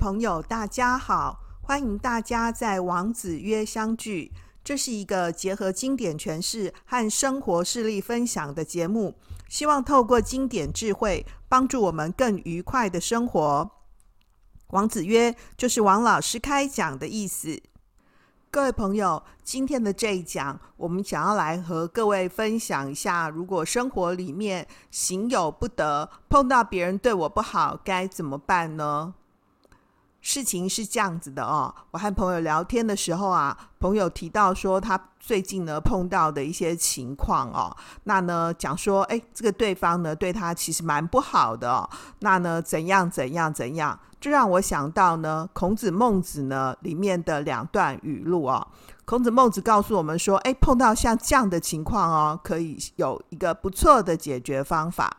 朋友，大家好！歡迎大家在王子曰相聚。這是一個結合經典詮釋和生活事例分享的節目，希望透過經典智慧，幫助我們更愉快的生活。王子曰就是王老師開講的意思。各位朋友，今天的這一講，我們想要來和各位分享一下：如果生活裡面行有不得，碰到別人對我不好，該怎麼辦呢？事情是這樣子的哦，我和朋友聊天的時候啊，朋友提到說他最近呢碰到的一些情況哦，那呢講說，哎、欸，這個對方呢對他其實蠻不好的哦，那呢怎樣怎樣怎樣，這讓我想到呢，孔子孟子呢裡面的兩段語錄哦，孔子孟子告訴我們說，哎、欸，碰到像這樣的情況哦，可以有一個不錯的解決方法。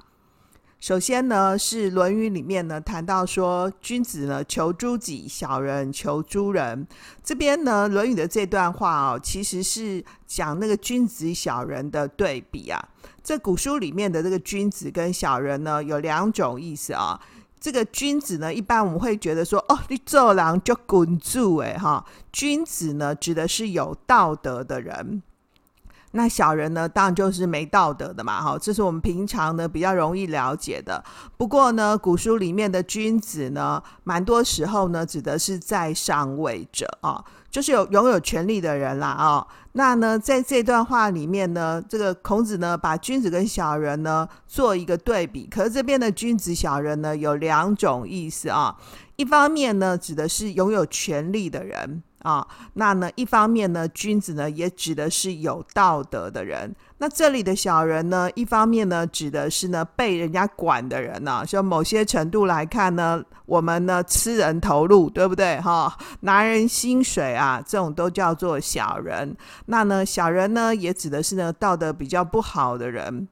首先呢，是《論語》裡面呢談到說，君子呢求諸己，小人求諸人。這邊呢，《論語》的這段話哦，其實是講那個君子小人的對比啊。這古書裡面的這個君子跟小人呢，有兩種意思啊。這個君子呢，一般我們會覺得說，哦，你做人就滾住誒哈。君子呢，指的是有道德的人。那小人呢，當然就是沒道德的嘛，哈，這是我們平常呢比較容易了解的。不過呢，古書裡面的君子呢，蠻多時候呢指的是在上位者啊、哦，就是有擁有權力的人啦啊、哦。那呢，在這段話裡面呢，這個孔子呢，把君子跟小人呢做一個對比，可是這邊的君子小人呢有兩種意思啊、哦，一方面呢指的是擁有權力的人。啊、哦，那呢，一方面呢，君子呢也指的是有道德的人。那這裡的小人呢，一方面呢指的是呢被人家管的人呢、啊。所以某些程度來看呢，我們呢吃人頭路，對不對？哈、哦，拿人薪水啊，這種都叫做小人。那呢，小人呢也指的是呢道德比較不好的人。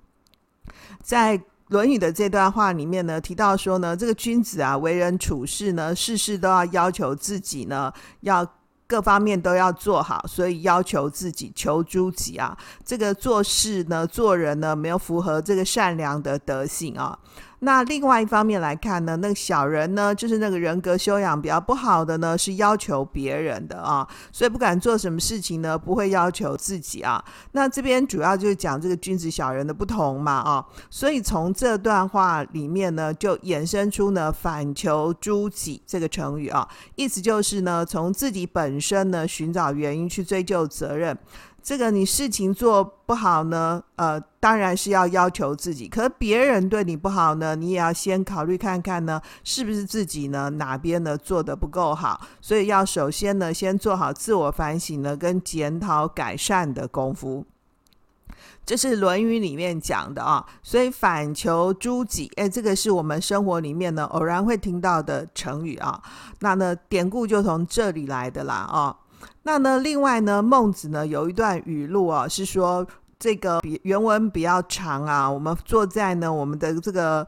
在《論語》的這段話裡面呢，提到說呢，這個君子啊，為人處事呢，事事都要要求自己呢要。各方面都要做好，所以要求自己、求諸己啊。這個做事呢，做人呢，沒有符合這個善良的德性啊。那另外一方面來看呢，那個小人呢，就是那個人格修養比較不好的呢，是要求別人的啊，所以不管做什麼事情呢，不會要求自己啊。那這邊主要就是講這個君子小人的不同嘛啊，所以從這段話裡面呢，就衍生出呢“反求諸己”這個成語啊，意思就是呢，從自己本身呢尋找原因去追究責任。這個你事情做不好呢，呃，當然是要要求自己；可別人對你不好呢，你也要先考慮看看呢，是不是自己呢哪邊呢做得不夠好，所以要首先呢先做好自我反省呢跟檢討改善的功夫。這是《論語》裡面講的啊，所以反求諸己，誒，這個是我們生活裡面呢偶然會聽到的成語啊。那呢典故就從這裡來的啦啊。那呢，另外呢，孟子呢，有一段語錄啊，是說，這個原文比原文比較長啊。我們坐在呢我們的這個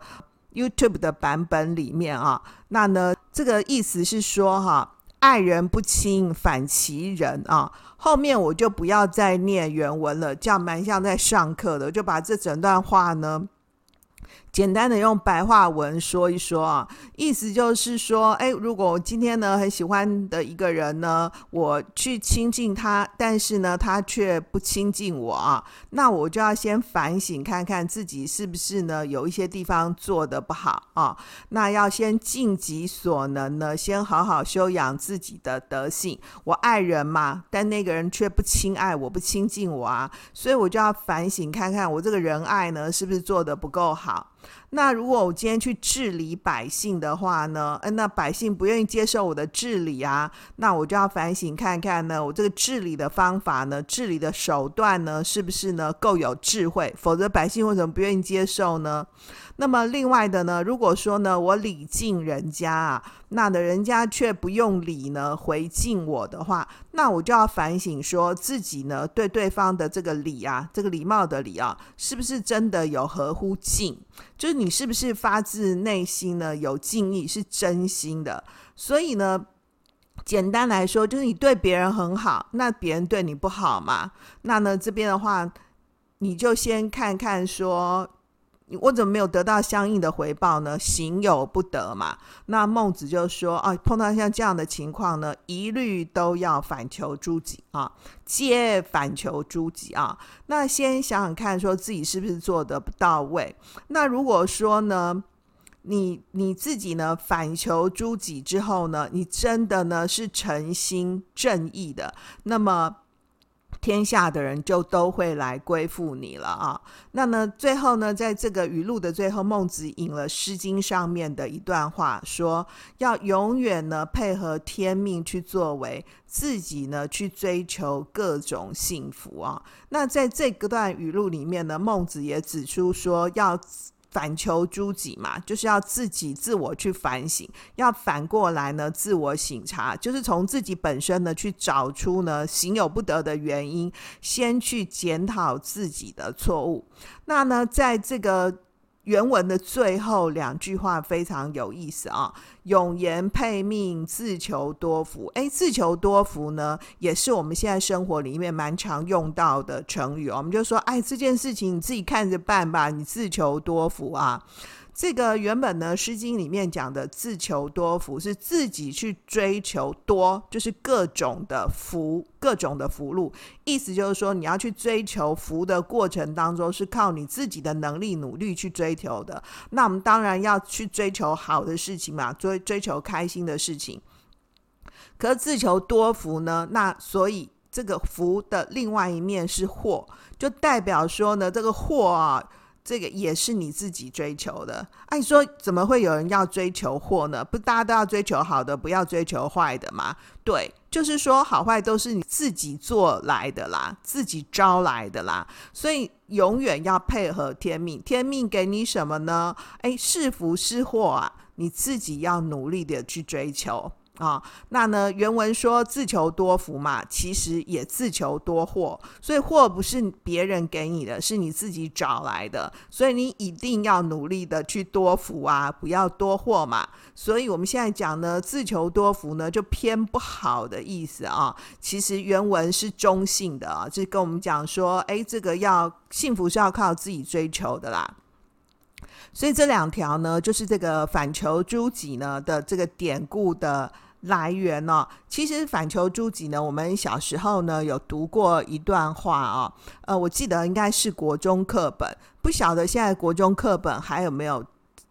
YouTube 的版本裡面啊。那呢，這個意思是說哈、啊，愛人不親，反其仁啊。後面我就不要再念原文了，這樣蠻像在上課的。我就把這整段話呢，簡單的用白話文說一說啊，意思就是說，哎、欸，如果我今天呢很喜歡的一個人呢，我去親近他，但是呢他卻不親近我啊，那我就要先反省，看看自己是不是呢有一些地方做得不好啊。那要先盡己所能呢，先好好修養自己的德性。我愛人嘛，但那個人卻不親愛我不，不親近我啊，所以我就要反省，看看我這個仁愛，呢是不是做得不夠好。那如果我今天去治理百姓的話呢，哎，那百姓不願意接受我的治理啊，那我就要反省看看呢，我這個治理的方法呢，治理的手段呢，是不是呢夠有智慧，否則百姓為什麼不願意接受呢？那麼另外的呢，如果說呢，我禮敬人家啊，那呢人家卻不用禮呢回敬我的話，那我就要反省說自己呢對對方的這個禮啊，這個禮貌的禮啊，是不是真的有合乎敬？就是你是不是發自內心呢有敬意，是真心的？所以呢，簡單來說，就是你對別人很好，那別人對你不好嘛？那呢這邊的話，你就先看看說。我怎麼沒有得到相應的回報呢？行有不得嘛。那孟子就說啊，碰到像這樣的情況呢，一律都要反求諸己啊，皆反求諸己啊。那先想想看，說自己是不是做得不到位？那如果說呢，你你自己呢，反求諸己之後呢，你真的呢，是誠心正義的，那麼。天下的人就都會來歸附你了啊！那麼最後呢，在這個語錄的最後，孟子引了《詩經》上面的一段話說，說要永遠呢配合天命去作為，自己呢去追求各種幸福啊。那在這段語錄裡面呢，孟子也指出說要。反求諸己嘛，就是要自己自我去反省，要反過來呢自我省察，就是從自己本身呢去找出呢行有不得的原因，先去檢討自己的錯誤。那呢，在這個。原文的最後兩句話非常有意思啊，“永言配命，自求多福。”欸，誒，自求多福呢，也是我們現在生活裡面蠻常用到的成語哦。我們就說，哎，欸，這件事情你自己看着辦吧，你自求多福啊。這個原本呢，《詩經》裡面講的“自求多福”是自己去追求多，就是各種的福、各種的福祿。意思就是說，你要去追求福的過程當中，是靠你自己的能力、努力去追求的。那我們當然要去追求好的事情嘛，追追求開心的事情。可是“自求多福”呢？那所以這個福的另外一面是禍，就代表說呢，這個禍啊。這個也是你自己追求的哎，啊、你說怎麼會有人要追求禍呢？不，大家都要追求好的，不要追求壞的嘛。對，就是說好壞都是你自己做來的啦，自己招來的啦。所以永遠要配合天命，天命給你什麼呢？哎，是福是禍啊，你自己要努力的去追求。啊、哦，那呢？原文說“自求多福”嘛，其實也“自求多禍”。所以禍不是別人給你的，是你自己找來的。所以你一定要努力的去多福啊，不要多禍嘛。所以我們現在講呢，“自求多福”呢，就偏不好的意思啊。其實原文是中性的啊，就是跟我們講說，誒、欸，這個要幸福是要靠自己追求的啦。所以這兩條呢，就是這個“反求諸己”呢的這個典故的來源呢、哦。其實“反求諸己”呢，我們小時候呢有讀過一段話啊、哦。呃，我記得應該是國中課本，不曉得現在國中課本還有沒有。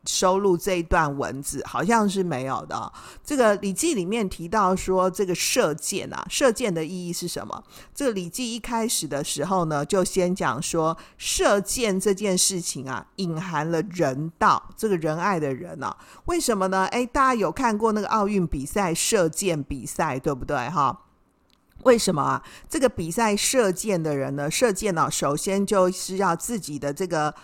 收錄這一段文字好像是沒有的、喔。這個《禮記》裡面提到說，這個射箭啊，射箭的意義是什麼？這個《禮記》一開始的時候呢，就先講說射箭這件事情啊，隱含了仁道，這個仁愛的仁呢、啊？為什麼呢？誒、欸，大家有看過那個奧運比賽射箭比賽對不對？哈，為什麼啊？這個比賽射箭的人呢，射箭呢、啊，首先就是要自己的這個。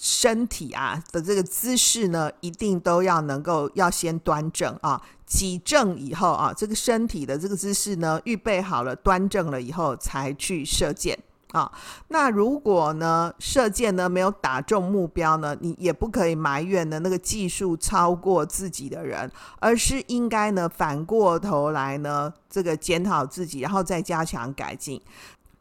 身體啊的這個姿勢呢，一定都要能夠要先端正啊，既正以後啊，這個身體的這個姿勢呢，預備好了端正了以後才去射箭啊。那如果呢射箭呢沒有打中目標呢，你也不可以埋怨的那個技術超過自己的人，而是應該呢反過頭來呢，這個檢討自己，然後再加強改進。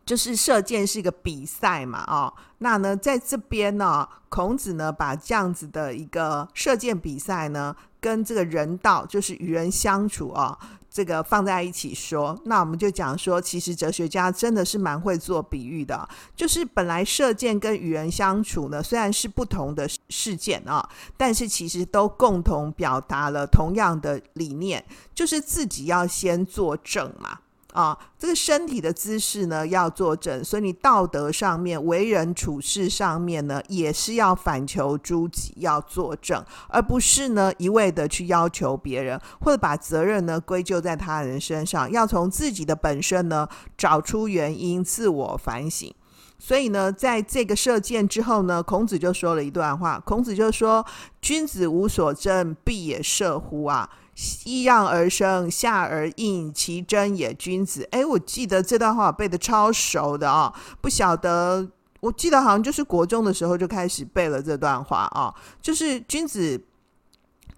就是射箭是一個比賽嘛、哦，啊，那呢，在這邊呢、哦，孔子呢，把這樣子的一個射箭比賽呢，跟這個人道，就是與人相處啊、哦，這個放在一起說，那我們就講說，其實哲學家真的是蠻會做比喻的，就是本來射箭跟與人相處呢，雖然是不同的事件啊、哦，但是其實都共同表達了同樣的理念，就是自己要先作正嘛。啊，這個身體的姿勢呢，要坐正，所以你道德上面、為人處事上面呢，也是要反求諸己，要坐正，而不是呢一味的去要求別人，或者把責任呢歸咎在他人身上，要從自己的本身呢找出原因，自我反省。所以呢，在這個射箭之後呢，孔子就說了一段話，孔子就說：“君子無所爭，必也射乎？”啊。揖讓而生，下而應，其爭也君子。誒、欸，我記得這段話背得超熟的啊、喔！不曉得，我記得好像就是國中的時候就開始背了這段話啊、喔。就是君子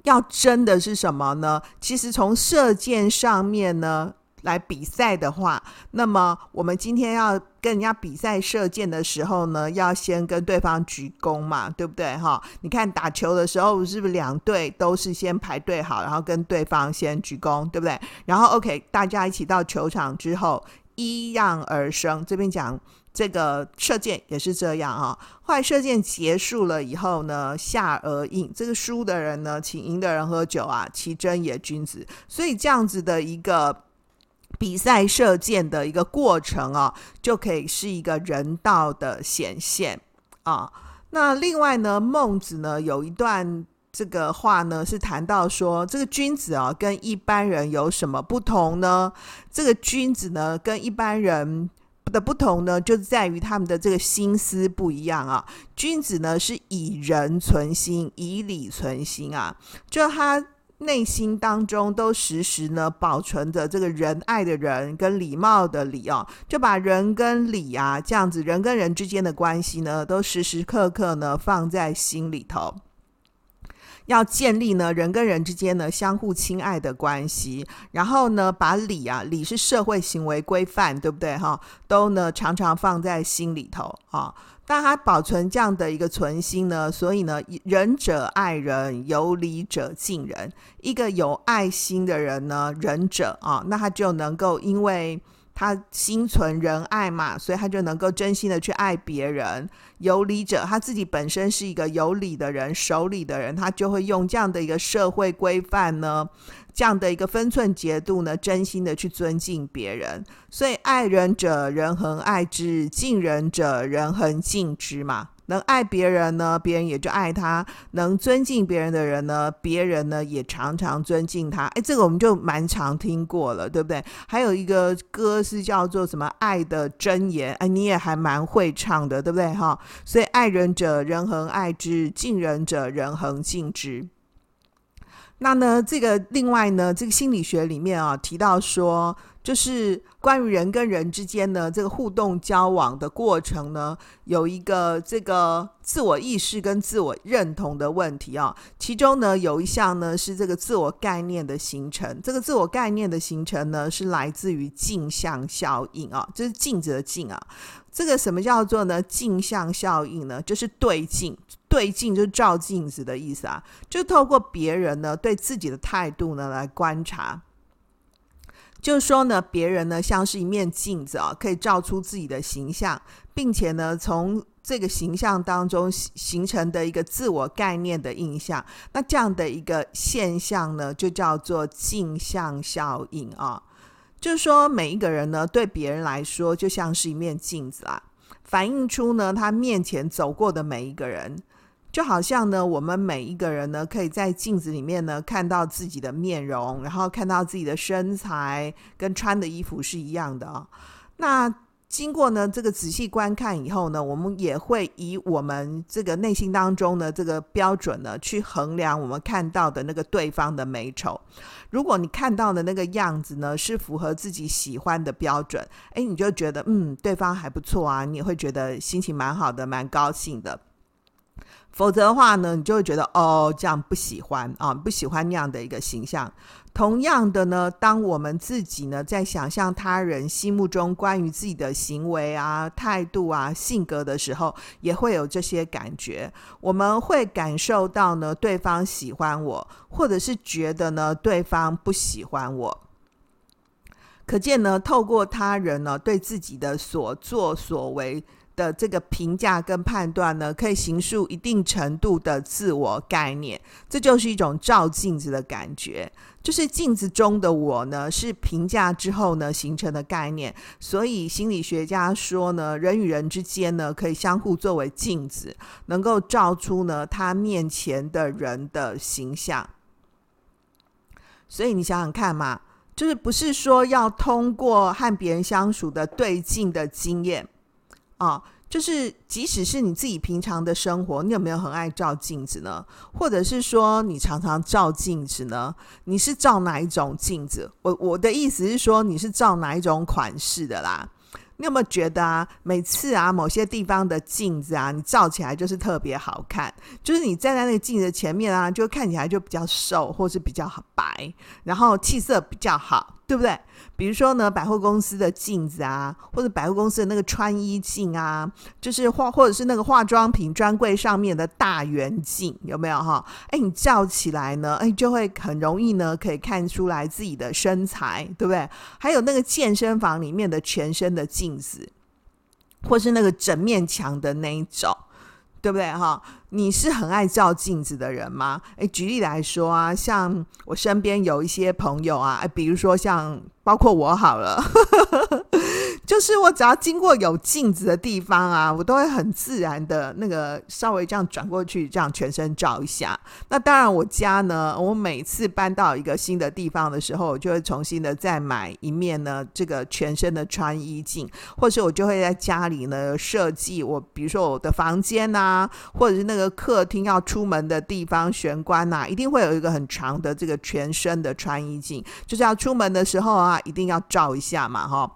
要爭的是什麼呢？其實從射箭上面呢。來比賽的話，那麼我們今天要跟人家比賽射箭的時候呢，要先跟對方鞠躬嘛，對不對哈、哦？你看打球的時候是不是兩隊都是先排隊好，然後跟對方先鞠躬，對不對？然後 OK，大家一起到球場之後揖讓而升，這邊講這個射箭也是這樣啊、哦。後來射箭結束了以後呢，下而飲，這個輸的人呢，請贏的人喝酒啊，其爭也君子。所以這樣子的一個。比賽射箭的一個過程啊，就可以是一個人道的顯現啊。那另外呢，孟子呢有一段這個話呢，是談到說，這個君子啊，跟一般人有什麼不同呢？這個君子呢，跟一般人的不同呢，就在於他們的這個心思不一樣啊。君子呢是以仁存心，以禮存心啊，就他。內心當中都時時呢保存着這個仁愛的仁跟禮貌的禮哦，就把仁跟禮啊這樣子人跟人之間的關係呢，都時時刻刻呢放在心裡頭。要建立呢，人跟人之間呢，相互親愛的關係，然後呢把禮啊，禮是社會行為規範，對不對哈？都呢常常放在心裡頭啊，但他保存這樣的一個存心呢，所以呢仁者愛人，有禮者敬人。一個有愛心的人呢，仁者啊，那他就能夠因為。他心存仁愛嘛，所以他就能夠真心的去愛別人。有禮者，他自己本身是一個有禮的人，守禮的人，他就會用這樣的一個社會規範呢，這樣的一個分寸節度呢，真心的去尊敬別人。所以，愛人者，人恆愛之；敬人者，人恆敬之嘛。能愛別人呢，別人也就愛他；能尊敬別人的人呢，別人呢也常常尊敬他。誒，這個我們就蠻常聽過了，對不對？還有一個歌是叫做什麼《愛的箴言》？誒，你也還蠻會唱的，對不對？哈、哦，所以愛人者，人恆愛之；敬人者，人恆敬之。那呢，這個另外呢，這個心理學裡面啊、哦、提到說。就是關於人跟人之間呢，這個互動交往的過程呢，有一個這個自我意識跟自我認同的問題啊。其中呢，有一項呢，是這個自我概念的形成。這個自我概念的形成呢，是來自於鏡像效應啊，就是鏡子的鏡啊。這個什麼叫做呢？鏡像效應呢，就是對鏡，對鏡就是照鏡子的意思啊，就透過別人呢，對自己的態度呢，來觀察。就是說呢，別人呢像是一面鏡子啊，可以照出自己的形象，並且呢，從這個形象當中形成的一個自我概念的印象。那這樣的一個現象呢，就叫做鏡像效應啊。就是說，每一個人呢，對別人來說就像是一面鏡子啊，反映出呢他面前走過的每一個人。就好像呢，我們每一個人呢，可以在鏡子裡面呢，看到自己的面容，然後看到自己的身材跟穿的衣服是一樣的啊、哦。那經過呢這個仔細觀看以後呢，我們也會以我們這個內心當中的這個標準呢，去衡量我們看到的那個對方的美醜。如果你看到的那個樣子呢，是符合自己喜歡的標準，哎，你就覺得嗯，對方還不錯啊，你也會覺得心情蠻好的，蠻高興的。否則的話呢，你就會覺得哦，這樣不喜歡啊、哦，不喜歡那樣的一個形象。同樣的呢，當我們自己呢在想象他人心目中關於自己的行為啊、態度啊、性格的時候，也會有這些感覺。我們會感受到呢，對方喜歡我，或者是覺得呢，對方不喜歡我。可見呢，透過他人呢對自己的所作所為，的這個評價跟判斷呢，可以形塑一定程度的自我概念，這就是一種照鏡子的感覺。就是鏡子中的我呢，是評價之後呢形成的概念。所以心理學家說呢，人與人之間呢，可以相互作為鏡子，能夠照出呢他面前的人的形象。所以你想想看嘛，就是不是說要通過和別人相處的對鏡的經驗。啊、哦，就是即使是你自己平常的生活，你有沒有很愛照鏡子呢？或者是說你常常照鏡子呢？你是照哪一種鏡子？我我的意思是說，你是照哪一種款式的啦？你有沒有覺得啊，每次啊某些地方的鏡子啊，你照起來就是特別好看，就是你站在那個鏡子前面啊，就看起來就比較瘦，或是比較白，然後氣色比較好，對不對？比如說呢，百貨公司的鏡子啊，或者百貨公司的那個穿衣鏡啊，就是化，或者是那個化妝品專櫃上面的大圓鏡，有沒有哈、哦？誒，你照起來呢，誒，就會很容易呢，可以看出來自己的身材，對不對？還有那個健身房裡面的全身的鏡子，或是那個整面牆的那一種。對不對哈？你是很愛照鏡子的人嗎？誒，舉例來說啊，像我身邊有一些朋友啊，誒，比如說像包括我好了。就是我只要經過有鏡子的地方啊，我都會很自然的那個稍微這樣轉過去，這樣全身照一下。那當然，我家呢，我每次搬到一個新的地方的時候，我就會重新的再買一面呢這個全身的穿衣鏡，或是我就會在家裡呢設計我，比如說我的房間啊，或者是那個客廳要出門的地方玄關吶，一定會有一個很長的這個全身的穿衣鏡，就是要出門的時候啊，一定要照一下嘛，哈。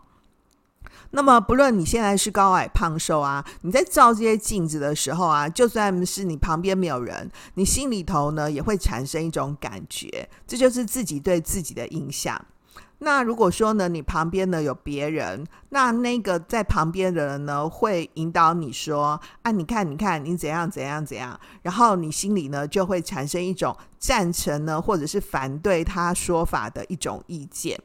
那麼，不論你現在是高矮胖瘦啊，你在照這些鏡子的時候啊，就算是你旁邊沒有人，你心裡頭呢也會產生一種感覺，這就是自己對自己的印象。那如果說呢，你旁邊呢有別人，那那個在旁邊的人呢會引導你說：“啊，你看，你看，你怎樣怎樣怎樣。”然後你心裡呢就會產生一種贊成呢，或者是反對他說法的一種意見。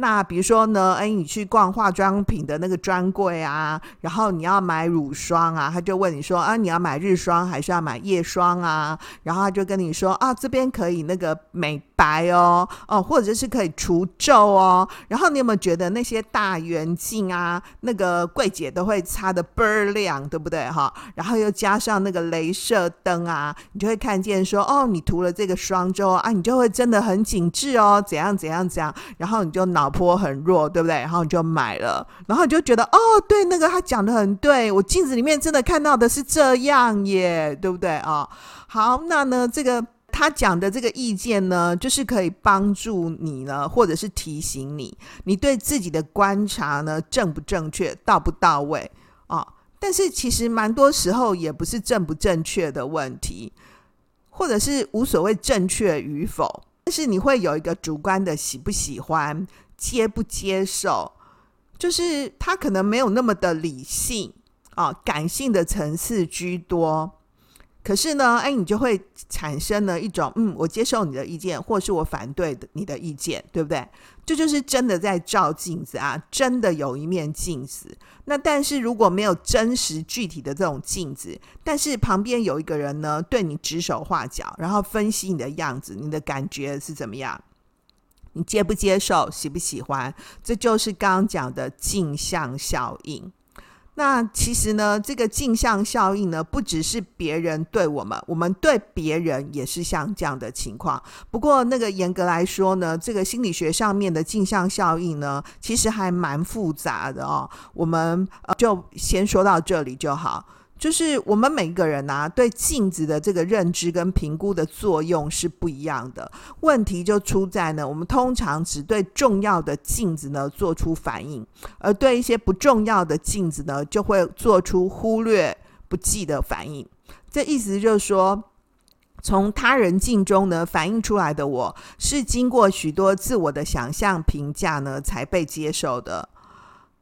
那比如說呢，哎，你去逛化妝品的那個專櫃啊，然後你要買乳霜啊，他就問你說啊，你要買日霜還是要買夜霜啊？然後他就跟你說啊，這邊可以那個美白哦，哦、啊，或者是可以除皺哦。然後你有沒有覺得那些大圓鏡啊，那個櫃姐都會擦得倍兒亮，對不對哈？然後又加上那個鐳射燈啊，你就會看見說哦，你塗了這個霜之後啊，你就會真的很緊緻哦，怎樣怎樣怎樣，然後你就腦。坡很弱，對不對？然後你就買了，然後你就覺得哦，對，那個他講的很對，我鏡子裡面真的看到的是這樣耶，對不對啊？哦，好，那呢，這個他講的這個意見呢，就是可以幫助你呢，或者是提醒你，你對自己的觀察呢正不正確，到不到位啊，哦，但是其實蠻多時候也不是正不正確的問題，或者是無所謂正確與否，但是你會有一個主觀的喜不喜歡。接不接受，就是他可能沒有那麼的理性啊，感性的層次居多。可是呢，哎、欸，你就會產生了一種，嗯，我接受你的意見，或是我反對你的意見，對不對？這就,就是真的在照鏡子啊，真的有一面鏡子。那但是如果沒有真實具體的這種鏡子，但是旁邊有一個人呢，對你指手畫腳，然後分析你的樣子，你的感覺是怎麼樣？接不接受，喜不喜歡，這就是剛剛講的鏡像效應。那其實呢，這個鏡像效應呢，不只是別人對我們，我們對別人也是像這樣的情況。不過那個嚴格來說呢，這個心理學上面的鏡像效應呢，其實還蠻複雜的哦。我們就先說到這裡就好。就是我們每個人吶、啊，對鏡子的這個認知跟評估的作用是不一樣的。問題就出在呢，我們通常只對重要的鏡子呢做出反應，而對一些不重要的鏡子呢，就會做出忽略不計的反應。這意思就是說，從他人鏡中呢反映出來的我是經過許多自我的想象評價呢才被接受的。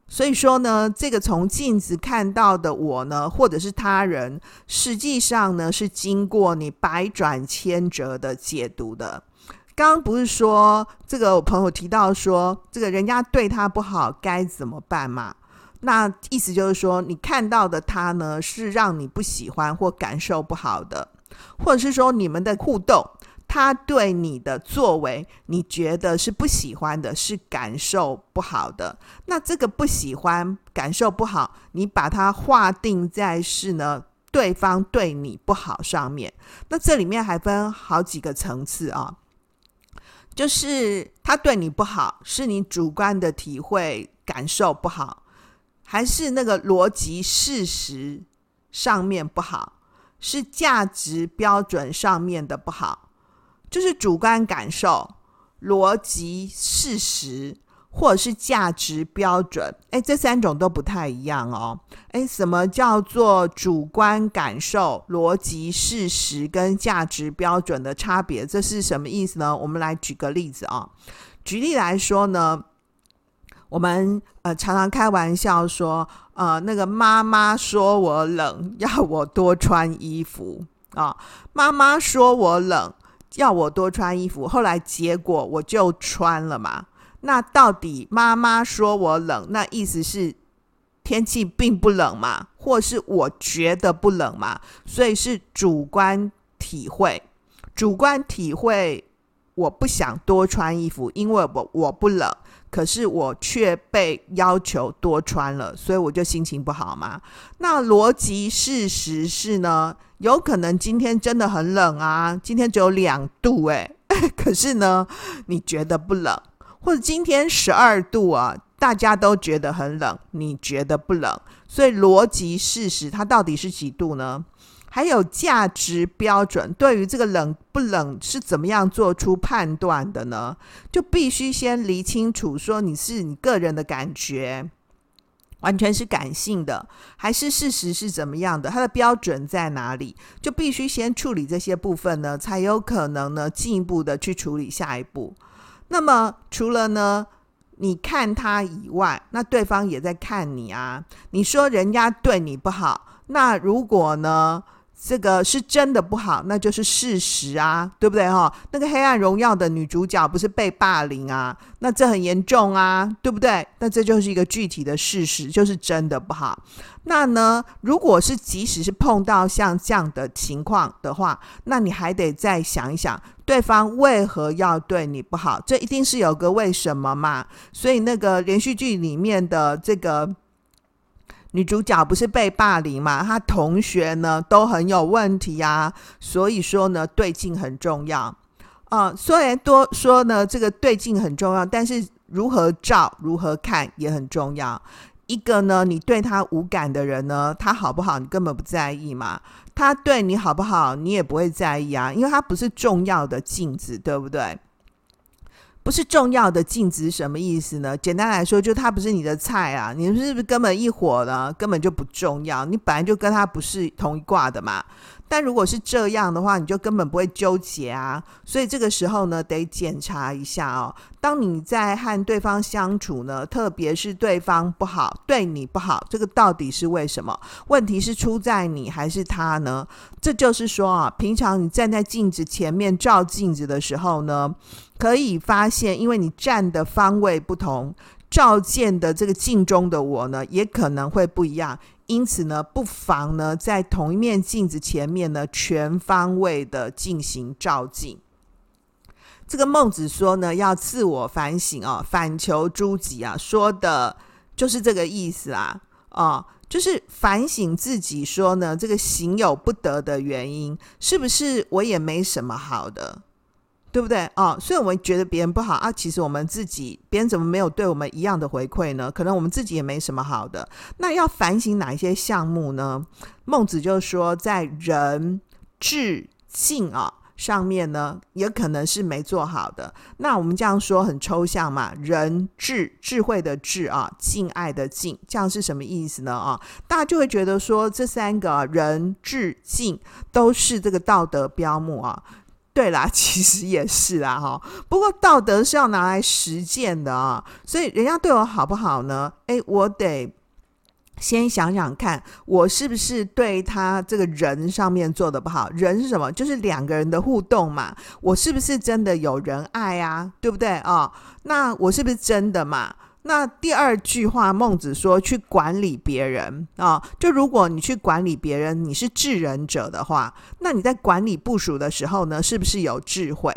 所以說呢，這個從鏡子看到的我呢，或者是他人，實際上呢是經過你百轉千折的解讀的。剛剛不是說這個我朋友提到說，這個人家對他不好該怎麼辦嘛？那意思就是說，你看到的他呢是讓你不喜歡或感受不好的，或者是說你們的互動。他對你的作為，你覺得是不喜歡的，是感受不好的。那這個不喜歡、感受不好，你把它劃定在是呢？對方對你不好上面。那這裡面還分好幾個層次啊，就是他對你不好，是你主觀的體會感受不好，還是那個邏輯事實上面不好，是價值標準上面的不好？就是主觀感受、邏輯事實，或者是價值標準，哎，這三種都不太一樣哦。哎，什麼叫做主觀感受、邏輯事實跟價值標準的差別？這是什麼意思呢？我們來舉個例子啊、哦。舉例來說呢，我們呃常常開玩笑說，呃，那個媽媽說我冷，要我多穿衣服啊。媽媽說我冷。要我多穿衣服，後來結果我就穿了嘛。那到底媽媽說我冷，那意思是天氣並不冷嘛，或是我覺得不冷嘛？所以是主觀體會，主觀體會我不想多穿衣服，因為我我不冷。可是我卻被要求多穿了，所以我就心情不好嘛。那邏輯事實是呢，有可能今天真的很冷啊，今天只有兩度欸，可是呢，你覺得不冷？或者今天十二度啊，大家都覺得很冷，你覺得不冷？所以邏輯事實它到底是幾度呢？還有價值標準，對於這個冷不冷是怎麼樣做出判斷的呢？就必須先理清楚，說你是你個人的感覺，完全是感性的，還是事實是怎麼樣的？它的標準在哪裡？就必須先處理這些部分呢，才有可能呢，進一步的去處理下一步。那麼除了呢，你看他以外，那對方也在看你啊。你說人家對你不好，那如果呢？這個是真的不好，那就是事實啊，對不對哈、哦？那個《黑暗榮耀》的女主角不是被霸凌啊，那這很嚴重啊，對不對？那這就是一個具體的事實，就是真的不好。那呢，如果是即使是碰到像這樣的情況的話，那你還得再想一想，對方為何要對你不好？這一定是有個為什麼嘛？所以那個連續劇裡面的這個。女主角不是被霸凌嘛？她同學呢都很有問題啊，所以說呢對鏡很重要啊。呃、雖然多說呢這個對鏡很重要，但是如何照、如何看也很重要。一個呢你對他無感的人呢，他好不好你根本不在意嘛？他對你好不好你也不會在意啊，因為他不是重要的鏡子，對不對？不是重要的鏡子什麼意思呢？簡單來說，就他不是你的菜啊，你們是不是根本一夥的？根本就不重要，你本來就跟他不是同一掛的嘛。但如果是這樣的話，你就根本不會糾結啊。所以這個時候呢，得檢查一下哦。當你在和對方相處呢，特別是對方不好，對你不好，這個到底是為什麼？問題是出在你還是他呢？這就是說啊，平常你站在鏡子前面照鏡子的時候呢，可以發現，因為你站的方位不同，照見的這個鏡中的我呢，也可能會不一樣。因此呢，不妨呢，在同一面鏡子前面呢，全方位的進行照鏡。這個孟子說呢，要自我反省哦，反求諸己啊，說的就是這個意思啊。哦，就是反省自己，說呢，這個行有不得的原因，是不是我也沒什麼好的？對不對啊、哦？所以我們覺得別人不好啊，其實我們自己，別人怎麼沒有對我們一樣的回饋呢？可能我們自己也沒什麼好的。那要反省哪一些項目呢？孟子就說，在仁、智、敬啊、哦、上面呢，也可能是沒做好的。那我們這樣說很抽象嘛？仁、智、智慧的智啊，敬愛的敬，這樣是什麼意思呢？啊、哦，大家就會覺得說，這三個仁、智、敬都是這個道德標目啊。對啦，其實也是啦、哦，哈。不過道德是要拿來實踐的啊、哦，所以人家對我好不好呢？誒，我得先想想看，我是不是對他這個人上面做得不好？人是什麼？就是兩個人的互動嘛。我是不是真的有仁愛啊？對不對啊、哦？那我是不是真的嘛？那第二句話，孟子說：“去管理別人啊、哦，就如果你去管理別人，你是智人者的話，那你在管理部署的時候呢，是不是有智慧？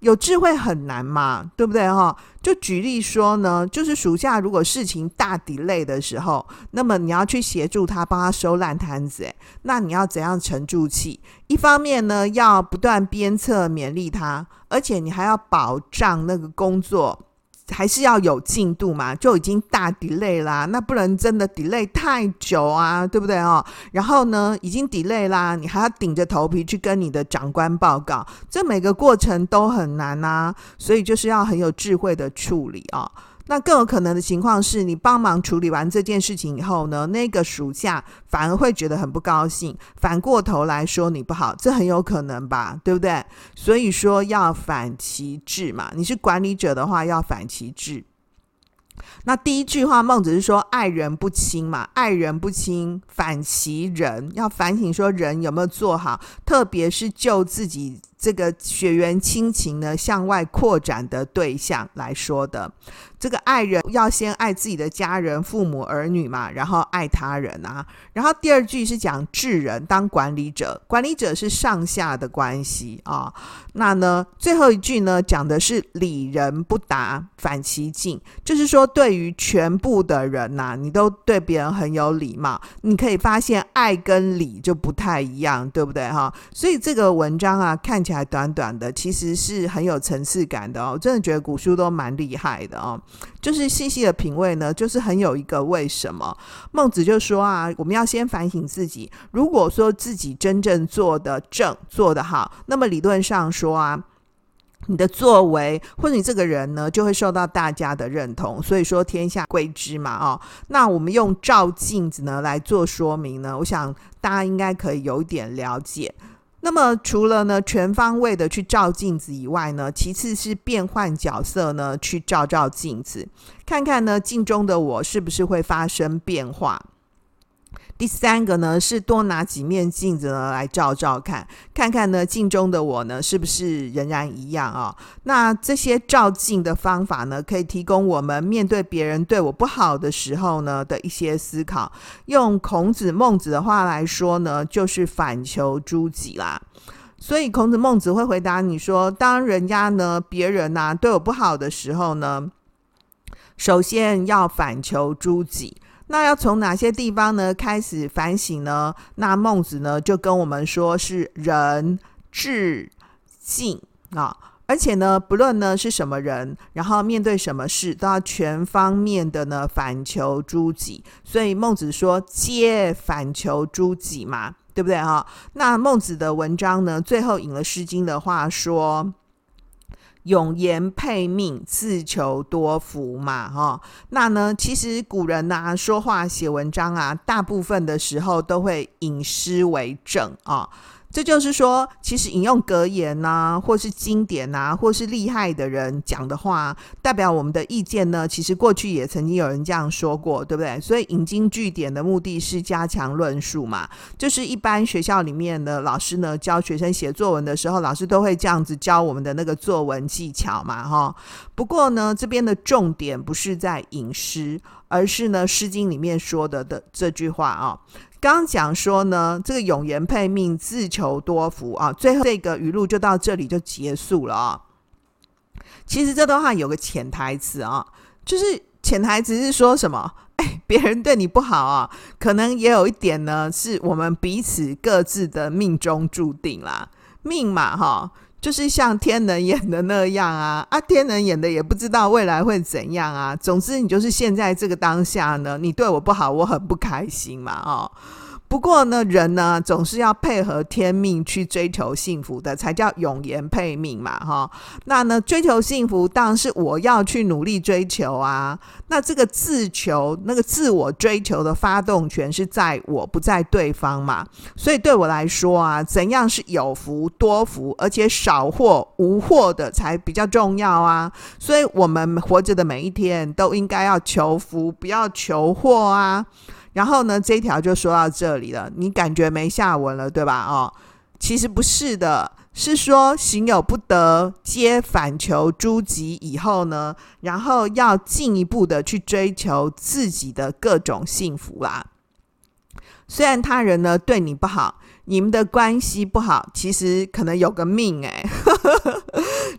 有智慧很難嘛，對不對、哦？哈，就舉例說呢，就是屬下如果事情大 delay 的時候，那麼你要去協助他，幫他收爛攤子。那你要怎樣沉住氣？一方面呢，要不斷鞭策勉勵他，而且你還要保障那個工作。”還是要有進度嘛，就已經大 delay 啦啊，那不能真的 delay 太久啊，對不對哦？然後呢，已經 delay 啦，你還要頂着頭皮去跟你的長官報告，這每個過程都很難啊，所以就是要很有智慧的處理哦。那更有可能的情況是，你幫忙處理完這件事情以後呢，那個屬下反而會覺得很不高興，反過頭來說你不好，這很有可能吧，對不對？所以說要反其智嘛。你是管理者的話，要反其智。那第一句話，孟子是說愛人不親嘛，愛人不親，反其仁，要反省說人有沒有做好，特別是救自己。這個血緣親情呢，向外擴展的對象來說的，這個愛人要先愛自己的家人、父母、兒女嘛，然後愛他人啊。然後第二句是講智人，當管理者，管理者是上下的關係啊、哦。那呢，最後一句呢，講的是「禮人不答，反其敬」，就是說，對於全部的人吶、啊，你都對別人很有禮貌。你可以發現，愛跟禮就不太一樣，對不對哈、哦？所以這個文章啊，看起來。還短短的，其實是很有層次感的哦。真的覺得古書都蠻厲害的哦。就是細細的品味呢，就是很有一個為什麼。孟子就說啊，我們要先反省自己。如果說自己真正做得正，做得好，那麼理論上說啊，你的作為或者你這個人呢，就會受到大家的認同。所以說天下歸之嘛哦。那我們用照鏡子呢來做說明呢，我想大家應該可以有點了解。那麼除了呢，全方位的去照鏡子以外呢，其次是變換角色呢去照照鏡子，看看呢鏡中的我是不是會發生變化。第三個呢，是多拿幾面鏡子呢來照照看，看看呢鏡中的我呢是不是仍然一樣啊、哦？那這些照鏡的方法呢，可以提供我們面對別人對我不好的時候呢的一些思考。用孔子、孟子的話來說呢，就是反求諸己啦。所以孔子、孟子會回答你說，當人家呢、別人吶、啊、對我不好的時候呢，首先要反求諸己。那要從哪些地方呢開始反省呢？那孟子呢就跟我們說是仁智敬啊，而且呢不論呢是什麼人，然後面對什麼事，都要全方面的呢反求諸己。所以孟子說：“皆反求諸己嘛，對不對哈？啊，那孟子的文章呢，最後引了《詩經》的話說。永言配命，自求多福嘛，哈、哦。那呢，其實古人吶、啊，說話寫文章啊，大部分的時候都會引詩為證啊。哦這就是說，其實引用格言吶、啊，或是經典吶、啊，或是厲害的人講的話，代表我們的意見呢。其實過去也曾經有人這樣說過，對不對？所以引經據典的目的是加強論述嘛。就是一般學校裡面的老師呢，教學生寫作文的時候，老師都會這樣子教我們的那個作文技巧嘛，哈、哦。不過呢，這邊的重點不是在引詩，而是呢《詩經》裡面說的的這句話啊、哦。剛講說呢，這個永言配命，自求多福啊。最後這個語錄就到這裡就結束了啊、哦。其實這段話有個潛台詞啊，就是潛台詞是說什麼？哎，別人對你不好啊，可能也有一點呢，是我們彼此各自的命中注定啦，命嘛，哈。就是像天能演的那樣啊啊，天能演的也不知道未來會怎樣啊。總之，你就是現在這個當下呢，你對我不好，我很不開心嘛哦。不過呢，人呢總是要配合天命去追求幸福的，才叫永言配命嘛，哈。那呢，追求幸福當然是我要去努力追求啊。那這個自求，那個自我追求的發動權是在我不在對方嘛。所以對我來說啊，怎樣是有福多福，而且少禍無禍的才比較重要啊。所以我們活着的每一天都應該要求福，不要求禍啊。然後呢，這一條就說到這裡了。你感覺沒下文了，對吧？哦，其實不是的，是說行有不得，皆反求諸己以後呢，然後要進一步的去追求自己的各種幸福啦。雖然他人呢對你不好，你們的關係不好，其實可能有個命呵、欸、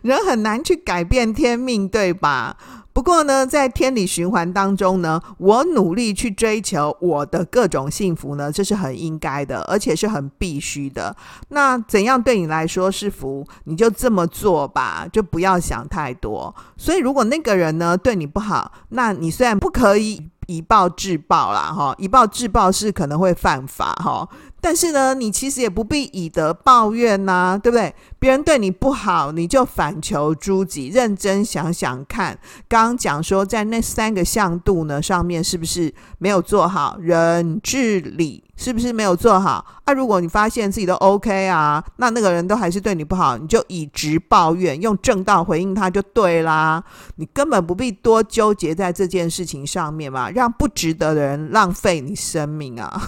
人很難去改變天命，對吧？不過呢，在天理循環當中呢，我努力去追求我的各種幸福呢，這是很應該的，而且是很必須的。那怎樣對你來說是福，你就這麼做吧，就不要想太多。所以，如果那個人呢對你不好，那你雖然不可以以暴制暴啦，哈、哦，以暴制暴是可能會犯法哈、哦，但是呢，你其實也不必以德報怨吶、啊，對不對？別人對你不好，你就反求諸己，認真想想看。剛剛講說，在那三個向度呢上面，是不是沒有做好仁、智、禮？是不是沒有做好？啊，如果你發現自己都 OK 啊，那那個人都還是對你不好，你就以直報怨，用正道回應他就對啦。你根本不必多糾結在這件事情上面嘛，讓不值得的人浪費你生命啊，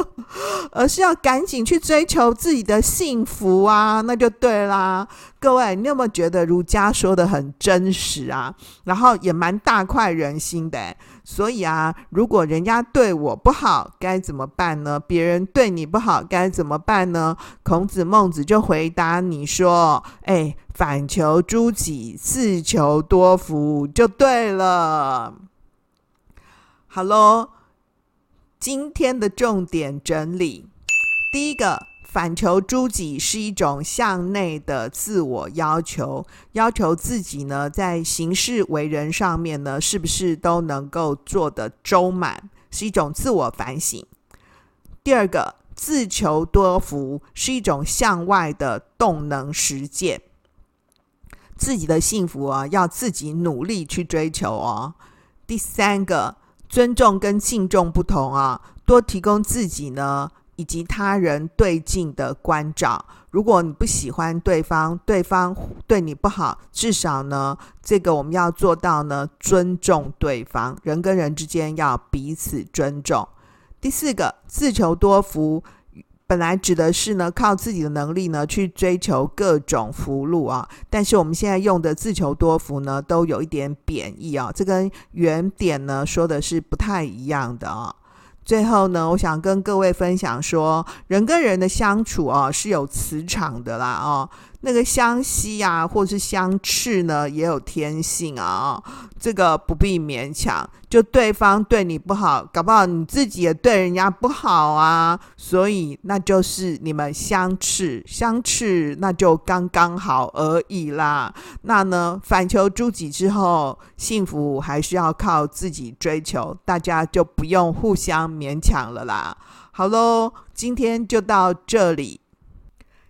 而是要趕緊去追求自己的幸福啊，那就對。對啦，各位，你有沒有覺得儒家說的很真實啊？然後也蠻大快人心的。所以啊，如果人家對我不好，該怎麼辦呢？別人對你不好，該怎麼辦呢？孔子、孟子就回答你說：“哎，反求諸己，自求多福，就對了。”好嘍，今天的重點整理，第一個。反求諸己是一種向內的自我要求，要求自己呢，在行事為人上面呢，是不是都能夠做得周滿，是一種自我反省。第二個，自求多福是一種向外的動能實踐，自己的幸福啊，要自己努力去追求哦。第三個，尊重跟敬重不同啊，多提供自己呢，以及他人對鏡的關照，如果你不喜歡對方，對方對你不好，至少呢，這個我們要做到呢，尊重對方。人跟人之間要彼此尊重。第四個，自求多福，本來指的是呢，靠自己的能力呢，去追求各種福祿啊。但是我們現在用的自求多福呢，都有一點貶義啊，這跟原點呢說的是不太一樣的啊。最後呢，我想跟各位分享說，人跟人的相處哦，是有磁場的啦，哦。那個相吸呀，或是相斥呢，也有天性啊、哦。這個不必勉強，就對方對你不好，搞不好你自己也對人家不好啊。所以那就是你們相斥，相斥那就剛剛好而已啦。那呢，反求諸己之後，幸福還是要靠自己追求，大家就不用互相勉強了啦。好嘍，今天就到這裡。